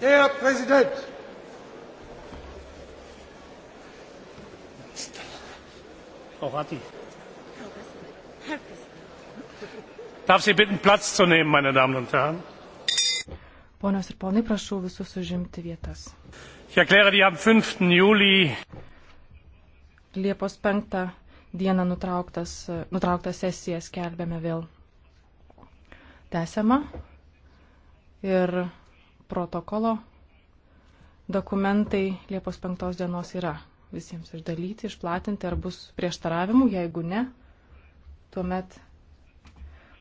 Der Präsident! Frau Ratti. Darf Sie bitten, Platz zu nehmen, meine Damen und Herren? Ponios ir ponai, prašau visus užimti vietas. Ich erkläre die am 5. Juli. Liepos 5 dieną nutrauktą sesiją skelbėme vėl. Tęsiama. Ir protokolo dokumentai Liepos 5 dienos yra visiems išdalyti, išplatinti, ar bus prieštaravimų, jeigu ne, tuomet